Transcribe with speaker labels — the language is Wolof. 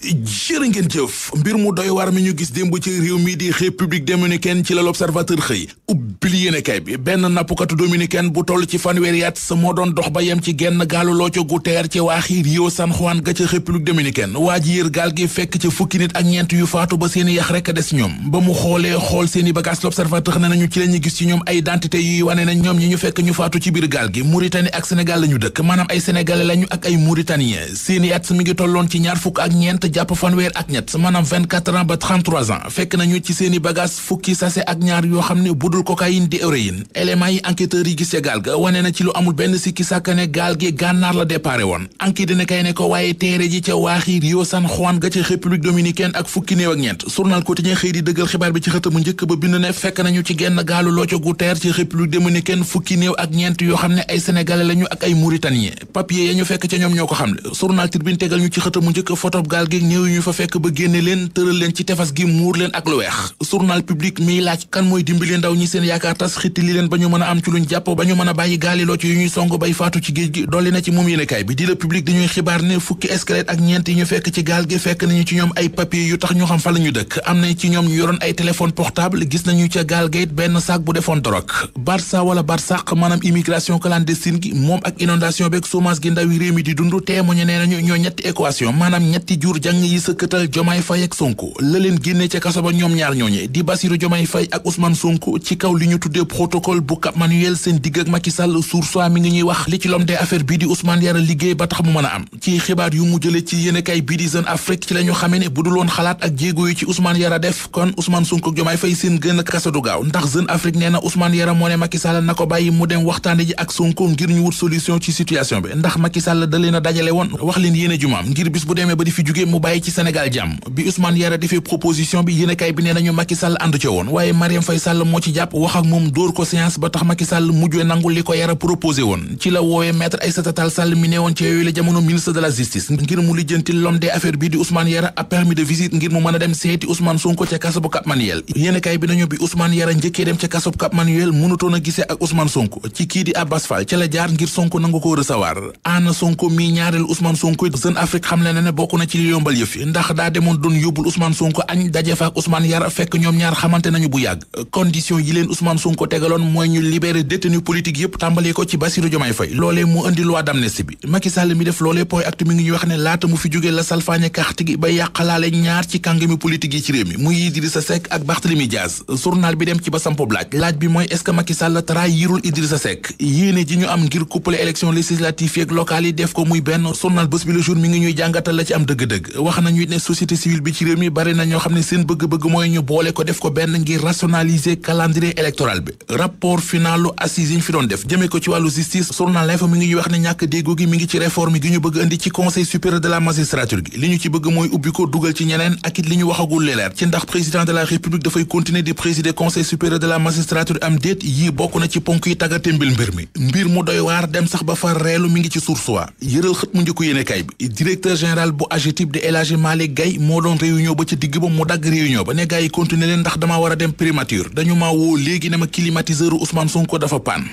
Speaker 1: jërë ngeen jëf mbir mu doy war mi ñu gis démb ci réew mi di république dominicaine ci la l'observateur xëy ubbil yéenekaay bi benn nappukatu dominicaine bu toll ci fanweeri at sa moo doon dox ba yem ci genn gaalu looco gu teer ci waaxi Rio San Juan ga ca république dominicaine waa ji yër gaal gi fekk ca fukki nit ak ñeent yu faatu ba seeni yax rekk des ñoom ba mu xoolee xool seeni bagaas l'observateur ne nañu ci la ñu gis ci ñoom ay identité yuy wane na ñoom ñi ñu fekk ñu faatu ci biir gaal gi Mauritanie ak Sénégal la ñu dëkk maanaam ay sénégalais lañu ak ay mauritanien seeni mi ngi tolloon ci ñaar fukk ak ñeent jàpp fanweer ak ñett ba ans fekk nañu ci seeni bagage fukki sase ak yoo xam ne budul cocaïne di héroïne éléments yi enquêteurs yi gis ca gaal ga wane na ci lu amul benn sikki sàkka ne gaal gi gànnaar la déparé woon enquête dina kay ne ko waaye teere ji ca waaxi Rio San Juan ga ca république dominicaine ak fukki néew ak ñeent journal quotidien xëy di dëggal xibaar bi ci xëtamu njëkk ba bind ne fekk nañu ci genn gaalu looco gu teer ci république yi ñu fa fekk ba génne leen tëral leen ci tefas gi muur leen ak lu weex journal public miy laaj kan mooy dimbali ndaw ñi seen yaakaar tas xiti li leen ba ñu mën a am ci luñ jàpp ba ñu mën a bàyyi gaali loo ci yu ñuy song bay faatu ci géej gi dolli na ci moom yéenekaay bi di la public dañuy xibaar ne fukki squelette ak ñeent yi ñu fekk ci gaal gi fekk nañu ci ñoom ay papier yu tax ñu xam fa la dëkk am nañ ci ñoom yoroon ay téléphone portable dund téemoñu nee nañu ñoo ñetti équation càng yi sëkkatal Jomaay Fay ak Sonko la leen génne ca kaso ba ñoom am na Ousmane na ko bàyyi mu dem waxtaane ji ak Sonko ngir ñu wut solution ci situation bi ndax Macky Sall dajale woon wax leen jumaam ngir bis bu demee ba di fi jugee mu bàyyi ci Sénégal jàmm bi Ousmane Yara defee proposition bi yéenekaay bi nee nañu Macky Sall ànd ca woon waaye Mariam Faye Sall moo ci jàpp wax ak moom dóor ko séance ba tax Macky Sall mujjee nangul li ko Yara proposé woon ci la woowee maître Aïssata Tall Sall mi ne woon ci yooyu la jamono ministre de la justice ngir mu lijjanti l'homme des bi di Ousmane Yara a permis de visite ngir mu mën dem seeti Ousmane Sonko ca kaso bu Manuel yéenekaay bi nañu bi yombal ndax daa demoon doon yóbbul Ousmane Sonko añ daje fa ak Ousmane Yara fekk ñoom ñaar xamante nañu bu yàgg condition yi leen Ousmane Sonko tegaloon mooy ñu libérer détenu politique yëpp tàmbalee ko ci Bassirou Diomaye Faye loolee moo indi loi d'amnistie bi Macky mi def loolee point acte mi ngi ñuy wax ne laata mu fi jógee la salfaañe carte ba yàqalaale ñaar ci kàngami politique yi ci réew mi muy Idrissa Seck ak Barthélémy Diaz journal bi dem ci ba sampoob laaj laaj wax nañu ne société civile bi ci réew mi bari na ñoo xam ne seen bëgg-bëgg mooy ñu boole ko def ko benn ngir rationaliser calendrier électoral bi rapport finalu assise fi doon def jëmee ko ci wàllu justice journal L'Info mi ngi wax ne ñàkk déggoo gi mi ngi ci réforme gi ñu bëgg indi ci conseil supérieur de la magistrature gi li ñu ci bëgg mooy ubbi ko dugal ci ñeneen ak it li ñu waxagul leer ci ndax président de la république dafay continuer di présider El Hadji Malick Gaye moo doon réunion ba ca digg ba mu dagg réunion ba ne gars yi continuer leen ndax dama war a dem primature dañu ma woo léegi ne ma climatiseur Ousmane Sonko dafa paan